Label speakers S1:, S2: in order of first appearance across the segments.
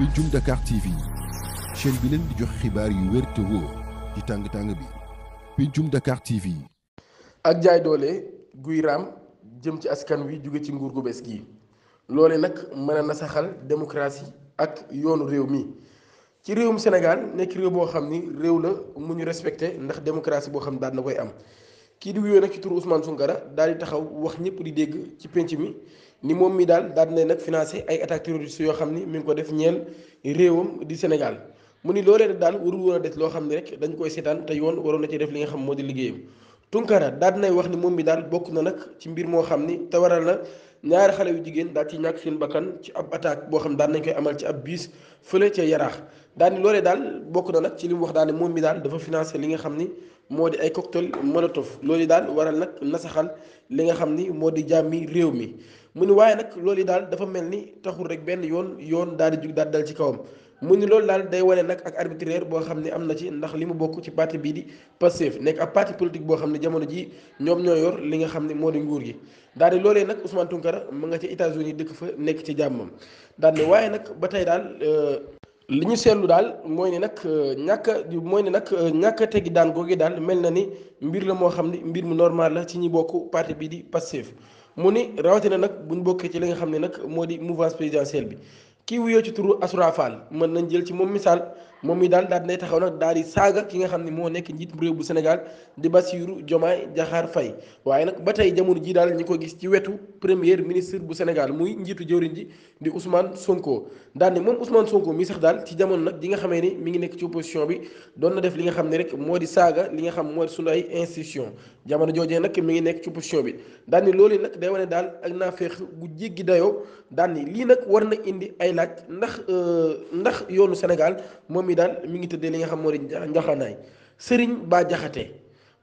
S1: pencum Dakar TV chaîne bi leen di jox xibaar yu wér te wóor ci tàng tàng bi pencum Dakar TV. ak jaay doole guy raam jëm ci askan wi jóge ci nguur gu bees gii loole nag mën a nasaxal démocratie ak yoonu réew mi ci réewum senegal nekk réew boo xam ni réew la mu ñu respecté ndax démocratie boo xam daan na koy am. kii di wuyoo nag ci turu Ousmane Sunkara daal taxaw wax ñëpp di dégg ci penc mi ni moom mi daal daal dina nag financé ay attaques terroristes yoo xam ni mi ngi ko def ñeen réewam di Sénégal mu ni loolee daal warul woon a des loo xam ne rek dañ koy seetaan te yoon waroon na ci def li nga xam moo di liggéeyam. Tunkara daal dinay wax ni moom mi daal bokk na nag ci mbir moo xam ni te waral na ñaari xale yu jigéen daal ci ñàkk seen bakkan ci ab attaque boo xam daan nañ koy amal ci ab biis fële ca yaraax daal ni loolee daal bokk na nag ci li mu wax daal ne moom mi daal dafa financé li nga xam ni moo di ay cocktail molotov loolu daal waral nag nasaxal li nga xam ni moo di jàmmi réew mi mu ni waaye nag loolu daal dafa mel ni taxul rek benn yoon yoon daal di jug daal dal ci kawam mu ni loolu daal day wane nag ak arbitraire boo xam ne am na ci ndax li mu bokk ci parti bii di Pastef nekk ab parti politique boo xam ne jamono ji ñoom ñoo yor li nga xam ne moo di nguur gi daal di loolee nag Ousmane Tounkara mu nga ca États-Unis dëkk fa nekk ci jàmmam daal ne nag ba tey daal euh, li ñu seetlu daal mooy ne nag euh, ñàkk a nag euh, ñàkk a teggi daan googu daal mel na ni mbir la moo xam ne mbir mu normal la ci ñi bokk parti bii di Pastef mu ni rawatina nag buñ bokkee ci li nga xam ne nag moo di mouvance présidentielle bi kii wuyoo ci turu Assoura mën nañu jël ci moom misaal moom mi daal daal nay taxaw nag daal di saaga ki nga xam ne moo nekk njiit réew bu Sénégal di Bassirou Diomaye Diakhar Faye waaye nag ba tey jamono ji daal ñi ko gis ci wetu premier ministre bu Sénégal muy njiitu jëwriñ ji di Ousmane Sonko daal ni moom Ousmane Sonko mi sax daal ci jamono nag di nga xamee ni mi ngi nekk ci opposition bi doon na def li nga xam ne rek moo di saaga li nga xam moo di ay institution jamono joojee nag mi ngi nekk ci opposition bi daal ni loolu nag day wane daal ak naa feex gu jéggi dayoo daal ni lii nag war na indi ay laaj ndax euh, ndax yoonu Sénégal moom mi daal mi ngi tëddee li nga xam moo di njaxanaay sëriñ baa jaxate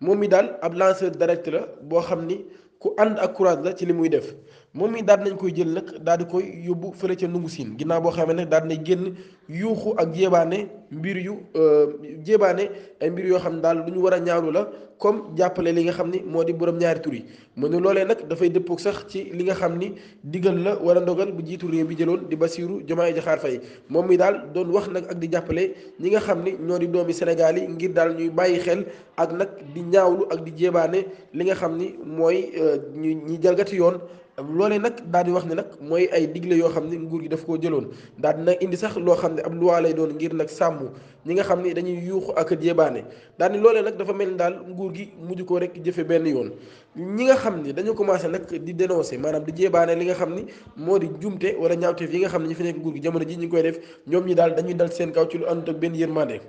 S1: moom mi daal ab lanceur d'alerte la boo xam ni ku ànd ak courage la ci li muy def moom mi daal di koy jël nag daal di koy yóbbu fële ca nungu siin ginnaaw boo xamee nag daal génn yuuxu ak jéebaane mbir yu euh, jéebaane ay mbir yoo xam ne daal lu ñu war a ñaanu la comme jàppale li nga xam ni moo di borom ñaari tur yi mu loolee nag dafay dëppoog sax ci li nga xam ni digal la wala ndogal bu jiitu réew bi jëloon di Basiiru Jomaay Jaxaar Fay moom mi daal doon wax nag ak di jàppale ñi nga xam ni ñoo di doomi Sénégal yi ngir daal ñuy bàyyi xel ak nag di ñaawlu ak di jéebaane li nga xam ni mooy euh, ñu jalgati yoon loole nag daal di wax ne nag mooy ay digle yoo xam ne nguur gi daf koo jëloon daal di nag indi sax loo xam ne ab luwaa lay doon ngir nag sàmm ñi nga xam ne dañuy ak jébaane daal di loolee nag dafa mel ni daal nguur gi mujj ko rek jëfe benn yoon ñi nga xam ne dañu commencé nag di dénoncer maanaam di jébaane li nga xam ni moo di jumte wala ñaawteef yi nga xam ne ñu fi nekk nguur gi jamono ji ñu koy def ñoom ñi daal dañuy dal seen kaw ci lu àndut ak benn yërmande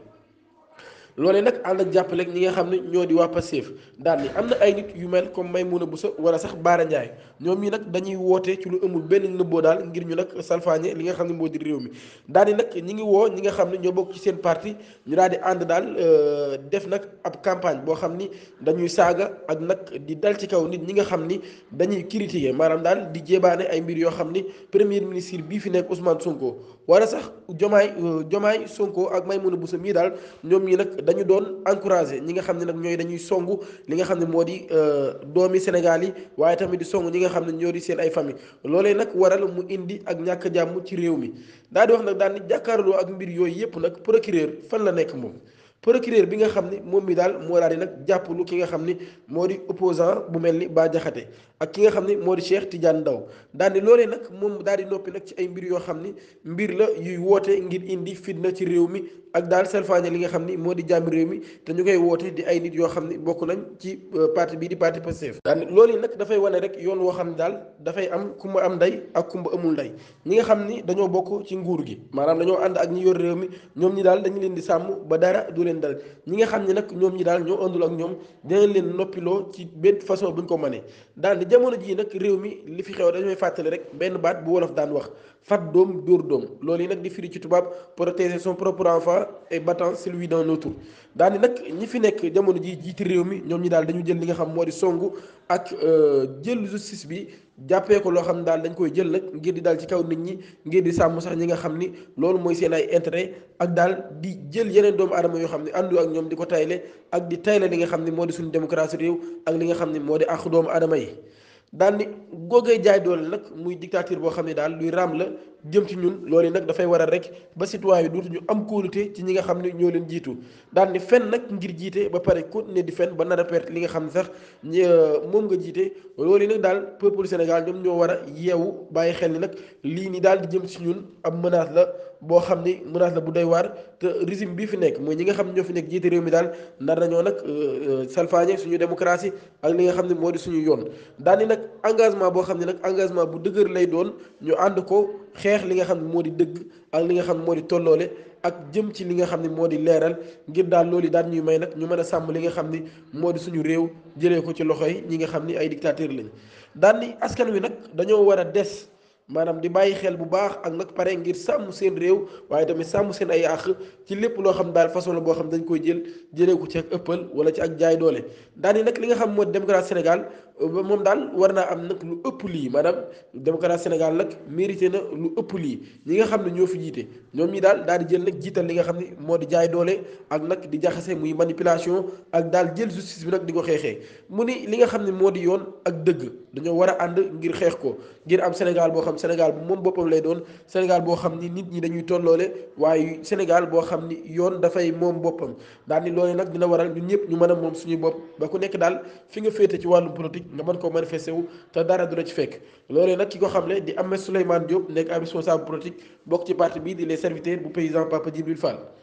S1: lolé nak and ak jappalé ak ñi nga xamni ne ñoo di wa passif dal ni amna ay nit yu mel comme maymuna bussa wala sax bara ndjay ñom ñi nak dañuy woté ci lu amul benn nebo dal ngir ñu nak salfañé li nga xamni mo di réew mi ni nak ñi ngi wo ñi nga xamni ño bok ci seen parti ñu dal di ànd daal euh, def nak ab campagne bo xamni dañuy saga ak nak di dal ci kaw nit ñi nga xamni dañuy critiquer manam dal di jébané ay mbir yo xamni premier ministre bi fi nek Ousmane Sonko wala sax jomay jomay euh, Sonko ak maymuna bussa mi dal ñom ñi nak dañu doon encouragé ñi nga xam ne nag ñooy dañuy songu li nga xam ne moo di euh, doomi Sénégal yi waaye tamit di songu ñi nga xam ne ñoo di seen ay famille loolee nag waral mu indi ak ñàkk jàmm ci réew mi daal di wax nag daal di jàkkaarloo ak mbir yooyu yëpp nag procureur fan la nekk moom procureur bi nga xam ne moom mi daal moo nag jàppalu ki nga xam ne moo di opposant bu mel ni Bah Diakhaté ak ki nga xam ne moo di Cheikh Tidiane Ndaw daal di loolee nag moom daal di noppi nag ci ay mbir yoo xam ni mbir la yuy woote ngir indi fitna ci réew mi ak daal salfaañe li nga xam ni moo di jàmmi réew mi te ñu koy woote di ay nit yoo xam ni bokk nañ ci euh, parti bii di parti Pastef daan loolu yi nag dafay wane rek yoon woo xam ne daal dafay am kumba am ndey ak kumba amul ndey ñi nga xam ni dañoo bokk ci nguur gi maanaam dañoo ànd ak ñi yor réew mi ñoom ñi daal dañu leen di sàmm ba dara du leen dal ñi nga xam ni nag ñoom ñi daal ñoo àndul ak ñoom dinañ leen noppiloo ci benn façon buñ ko mënee daal di jamono jii nag réew mi li fi xew dañuy fàttali rek benn baat bu wolof daan wax fat doom dóor doom loolu yi di firi et battant celui d'un autre daani nag ñi fi nekk jamono ji jiiti réew mi ñoom ñi daal dañu jël li nga xam moo di songu ak euh, jël justice bi jàppee ko loo xam ne daal dañ koy jël nag ngir di daal ci kaw nit ñi ngir di sàmm sax ñi nga xam ni loolu mooy seen ay intérêt ak daal di jël yeneen doomu aadama yoo xam ne àndu ak ñoom di ko tayle ak di tayle li nga xam ne moo di suñu démocratie réew ak li nga xam ne moo di àq doomu aadama yi daal ni googee jaay doole nag muy dictature boo xam ne daal luy raam la jëm ci ñun loolu nag dafay waral rek ba citoyen yi ñu am kóolute ci ñi nga xam ne ñoo leen jiitu daal ni fen nag ngir jiite ba pare continuer di fen ba nar perte li nga xam ne sax euh, moom nga jiite loolu nag daal peuple Sénégal ñoom ñoo war a yeewu bàyyi xel ni nag lii ni daal di jëm ci ñun ab menace la boo xam ni menace la bu doy waar te régime bii fi nekk mooy ñi nga xam ne ñoo fi nekk jiite réew mi daal ndar nañoo nag euh, euh, salfaañe suñu démocratie ak li nga xam ne moo di suñu yoon daal daani nag engagement boo xam ne nag engagement bu dëgër lay doon ñu ànd ko xeex li nga xam ne moo di dëgg ak li nga xam ne moo di tolloole ak jëm ci li nga xam ne moo di leeral ngir daal loolu daal ñuy may nag ñu mën a sàmm li nga xam ni moo di suñu réew jëlee ko ci loxo yi ñi nga xam ni ay dictateur lañ daan askan wi nag dañoo war a des maanaam di bàyyi xel bu baax ak nag pare ngir sàmm seen réew waaye tamit sàmm seen ay àq ci lépp loo xam daal façon la boo xam dañ koy jël jëlee ko ci ak ëppal wala ci ak jaay doole daani nag li nga xam moo démocratie Sénégal Euh, moom daal war naa am nag lu ëpp lii maanaam démocratie Sénégal nag mérité na lu ëpp lii ñi nga xam ne ñoo fi jiite ñoom ñi daal daal di jël nag jiital li nga xam ne moo di jaay doole ak nag di jaxase muy manipulation ak daal jël justice bi nag di ko xeexee mu ni li nga xam ne moo di yoon ak dëgg dañoo war a ànd ngir xeex ko ngir am Sénégal boo xam Sénégal bu moom boppam lay doon Sénégal boo xam ni nit ñi dañuy tolloole waaye Sénégal boo xam ni yoon dafay moom boppam daal ni loole nag dina waral ñun ñëpp ñu mën a moom suñu bopp ba nga mën koo manifesté wu te dara du la ci fekk loolee nag ki ko xam ne di Amé Souleymane Diop nekk ab responsable politique bokk ci parti bii di les serviteurs bu paysan Papa Djibril Fall